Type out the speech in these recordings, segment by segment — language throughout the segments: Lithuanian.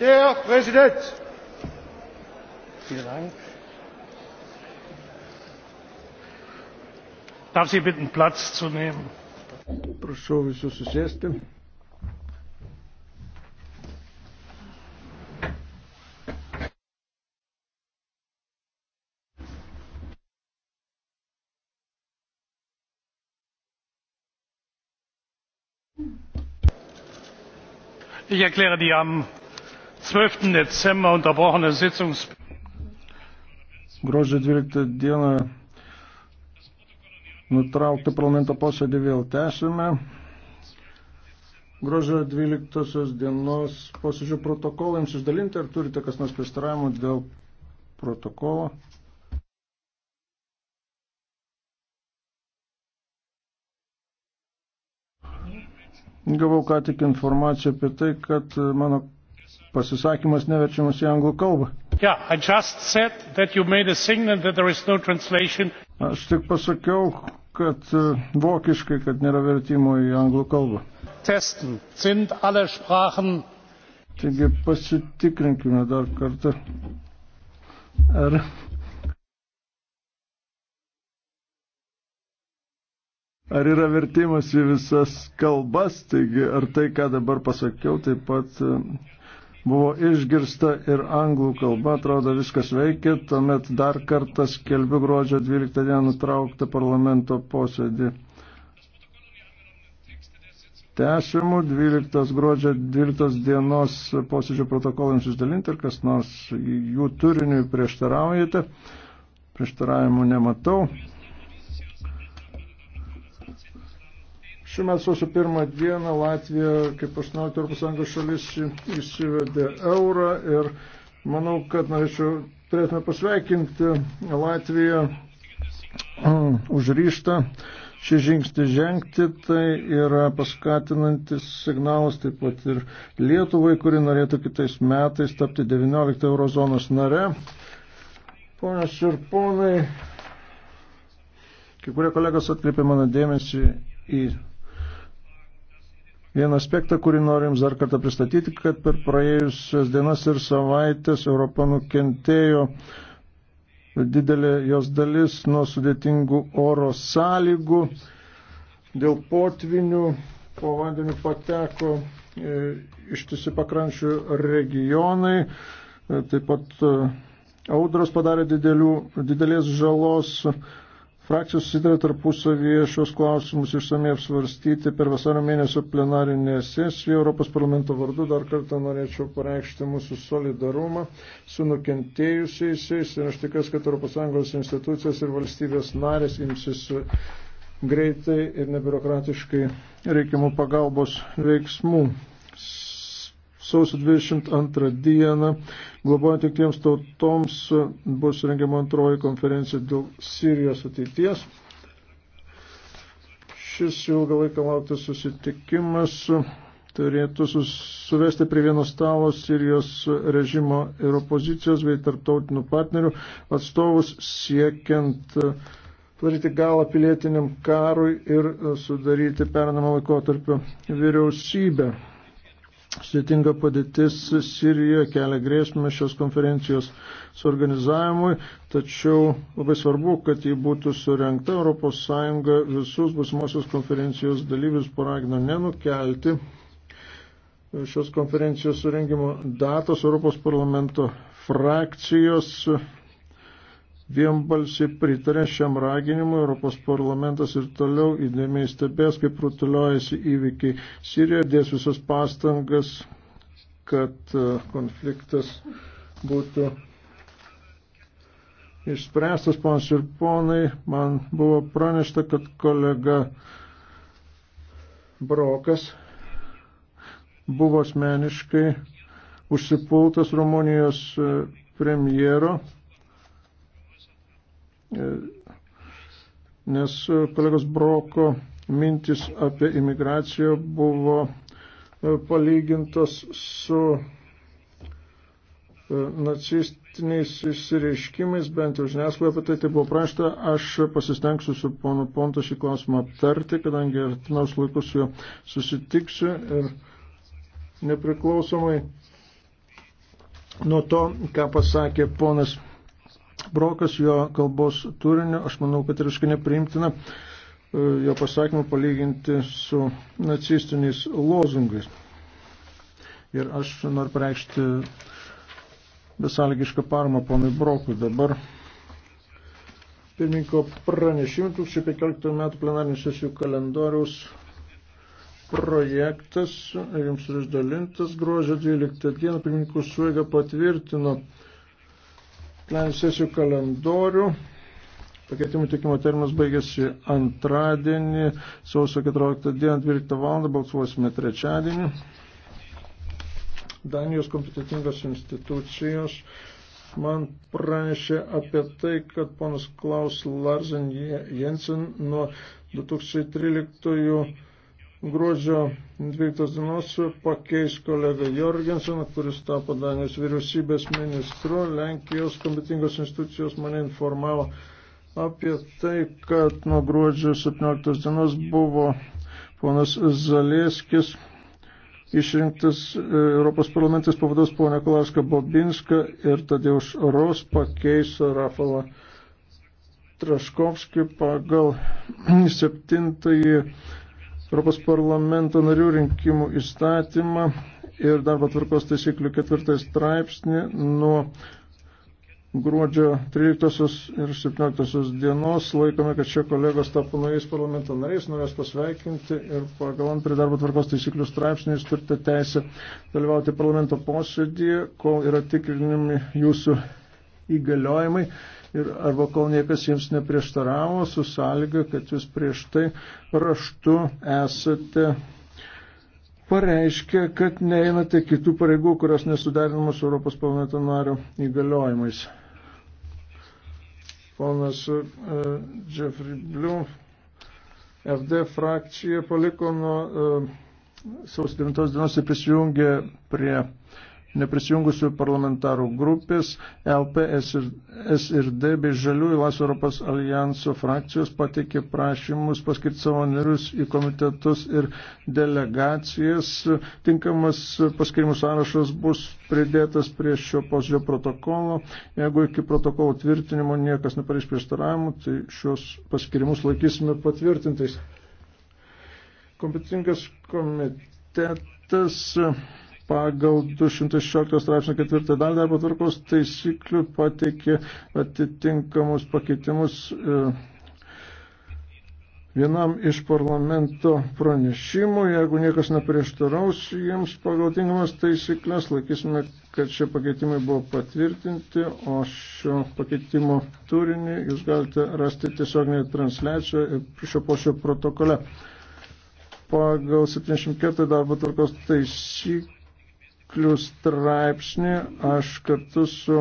Der Präsident! Vielen Dank. Darf Sie bitten, Platz zu nehmen? Prašau visus susėsti. Ich erkläre die am. 12. Dezember unterbrochene Sitzungs. Gruodžio 12 dieną nutraukti parlamento posėdį vėl tęsime. Gruodžio 12 dienos posėdžio protokolą jums išdalinti, ar turite kas nors prieštaravimų dėl protokolo? Gavau ką tik informaciją apie tai, kad mano pasisakymas neverčiamas į anglų kalbą. Yeah, no Aš tik pasakiau, kad e, vokiškai, kad nėra vertimo į anglų kalbą. Testen sind alle sprachen. Taigi pasitikrinkime dar kartą. Ar Ar yra vertimas į visas kalbas, taigi ar tai, ką dabar pasakiau, taip pat e, buvo išgirsta ir anglų kalba, atrodo viskas veikia, tuomet dar kartą skelbiu gruodžio 12 dieną nutrauktą parlamento posėdį. Tęsimų 12 gruodžio 12 dienos posėdžio protokolams išdalinti ir kas nors jų turiniui prieštaraujate. Prieštaravimų nematau. Šiuo metu sausio pirmą dieną Latvija, kaip 18 Europos Sąjungos šalis, įsivedė eurą ir manau, kad norėčiau, turėtume pasveikinti Latviją užryštą šį žingsnį žengti, tai yra paskatinantis signalas taip pat ir Lietuvai, kuri norėtų kitais metais tapti 19 eurozonos nare. Ponios ir ponai, kai kurie kolegos atkreipė mano dėmesį į vieną aspektą, kurį noriu Jums dar kartą pristatyti, kad per praėjusias dienas ir savaitės Europa nukentėjo didelė jos dalis nuo sudėtingų oro sąlygų. Dėl potvinių po vandeniu pateko e, ištisi pakrančių regionai, e, taip pat e, audros padarė didelių, didelės žalos Frakcijos susitarė tarpusavyje šios klausimus išsamei apsvarstyti per vasario mėnesio plenarinę sesiją. Europos parlamento vardu dar kartą norėčiau pareikšti mūsų solidarumą su nukentėjusiais ir aš tikiuosi, kad ES institucijos ir valstybės narės imsis greitai ir nebiurokratiškai reikiamų pagalbos veiksmų sausio 22 dieną. Globojant tik tiems tautoms bus rengiama antroji konferencija dėl Sirijos ateities. Šis ilgą laiką lauktas susitikimas turėtų suvesti prie vieno stalo Sirijos režimo ir opozicijos bei tarptautinių partnerių atstovus siekiant daryti galą pilietiniam karui ir sudaryti pernamą laikotarpio vyriausybę. Sėtinga padėtis Sirijoje kelia grėsmę šios konferencijos suorganizavimui, tačiau labai svarbu, kad jį būtų surenkta ES visus busimosios konferencijos dalyvius paragino nenukelti šios konferencijos surengimo datos Europos parlamento frakcijos vienbalsiai pritarė šiam raginimui, Europos parlamentas ir toliau įdėmiai stebės, kaip rutuliojasi įvykiai Sirijoje, dės visas pastangas, kad e, konfliktas būtų išspręstas, panas ir ponai. Man buvo pranešta, kad kolega Brokas buvo asmeniškai užsipultas Rumunijos e, premjero nes e, kolegos Broko mintis apie imigraciją buvo e, palygintos su e, nacistiniais išsireiškimais, bent jau žiniasklaidoje apie tai, tai buvo prašta, aš pasistengsiu su ponu Ponto šį klausimą aptarti, kadangi artimiaus laikus su juo susitiksiu ir nepriklausomai nuo to, ką pasakė ponas brokas jo kalbos turiniu, aš manau, kad reiškia nepriimtina e, jo pasakymą palyginti su nacistiniais lozungais. Ir aš noriu pareikšti besalgišką paramą ponui Brokui. Dabar pirmininko pranešimų 2015 metų plenarinių sesijų kalendoriaus projektas jums išdalintas gruodžio 12 dieną pirmininkų suėga patvirtino plenų sesijų kalendorių. Pakeitimų tikimo terminas baigėsi antradienį, sausio 14 dieną 12 val. balsuosime trečiadienį. Danijos kompetitingos institucijos man pranešė apie tai, kad ponas Klaus Larsen Jensen nuo 2013 gruodžio 12 dienos pakeis kolega Jorgenseną, kuris tapo Danijos vyriausybės ministru. Lenkijos kompetingos institucijos mane informavo apie tai, kad nuo gruodžio 17 dienos buvo ponas Zalieskis išrinktas e, Europos parlamentas pavados poną Kolašką Bobinską ir Tadeuš Ros pakeis Rafalą. Traškovskį pagal septintąjį Europos parlamento narių rinkimų įstatymą ir darbo tvarkos taisyklių ketvirtąjį straipsnį nuo gruodžio 13 ir 17 dienos laikome, kad šie kolegos tapo naujais parlamento nariais, norės pasveikinti ir pagal antrį darbo tvarkos taisyklių straipsnį jūs turite teisę dalyvauti parlamento posėdėje, kol yra tikrinami jūsų įgaliojimai ir arba kol niekas jums neprieštaravo su sąlyga, kad jūs prieš tai raštu esate pareiškę, kad neinate kitų pareigų, kurios nesuderinamos su Europos parlamento nario įgaliojimais. Ponas uh, Jeffrey Blum, FD frakcija paliko nuo uh, sausio 9 dienos ir prisijungė prie uh, neprisijungusių parlamentarų grupės LP, SRD bei Žaliųjų Las Europos alijanso frakcijos pateikė prašymus paskirti savo narius į komitetus ir delegacijas. Tinkamas paskirimų sąrašas bus pridėtas prie šio posėdžio protokolo. Jeigu iki protokolo tvirtinimo niekas nepareiš prieštaravimų, tai šios paskirimus laikysime patvirtintais. Kompetingas komitetas komitetas pagal 216 straipsnio ketvirtą dalį darbo tvarkos taisyklių pateikė atitinkamus pakeitimus e, vienam iš parlamento pranešimų. Jeigu niekas neprieštaraus jiems pagal tinkamas taisyklės, laikysime, kad šie pakeitimai buvo patvirtinti, o šio pakeitimo turinį jūs galite rasti tiesioginėje transliacijoje ir šio pošio protokole pagal 74 darbo tvarkos taisyklę taisyklių straipsnį aš kartu su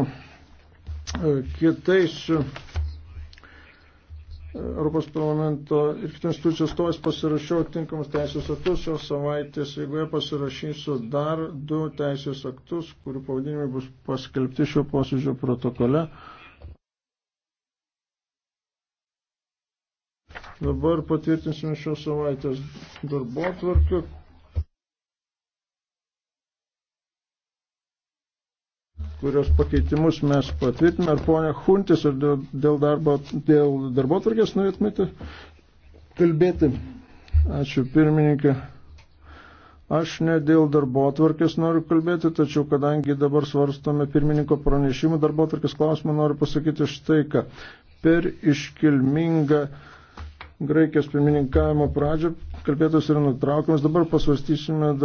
e, kitais e, Europos parlamento ir kitų institucijų stovės pasirašiau tinkamus teisės aktus, šios savaitės eigoje pasirašysiu dar du teisės aktus, kurių pavadinimai bus paskelbti šio posėdžio protokole. Dabar patvirtinsime šios savaitės darbo tvarką, kurios pakeitimus mes patvirtiname. Ar ponia Huntis, ar dėl, darbo, dėl darbo tvarkės norėtumėte kalbėti? Ačiū pirmininkė. Aš ne dėl darbo tvarkės noriu kalbėti, tačiau kadangi dabar svarstome pirmininko pranešimą darbo tvarkės klausimą, noriu pasakyti štai ką. Per iškilmingą Graikijos pirmininkavimo pradžią kalbėtos yra nutraukiamas, dabar pasvarstysime.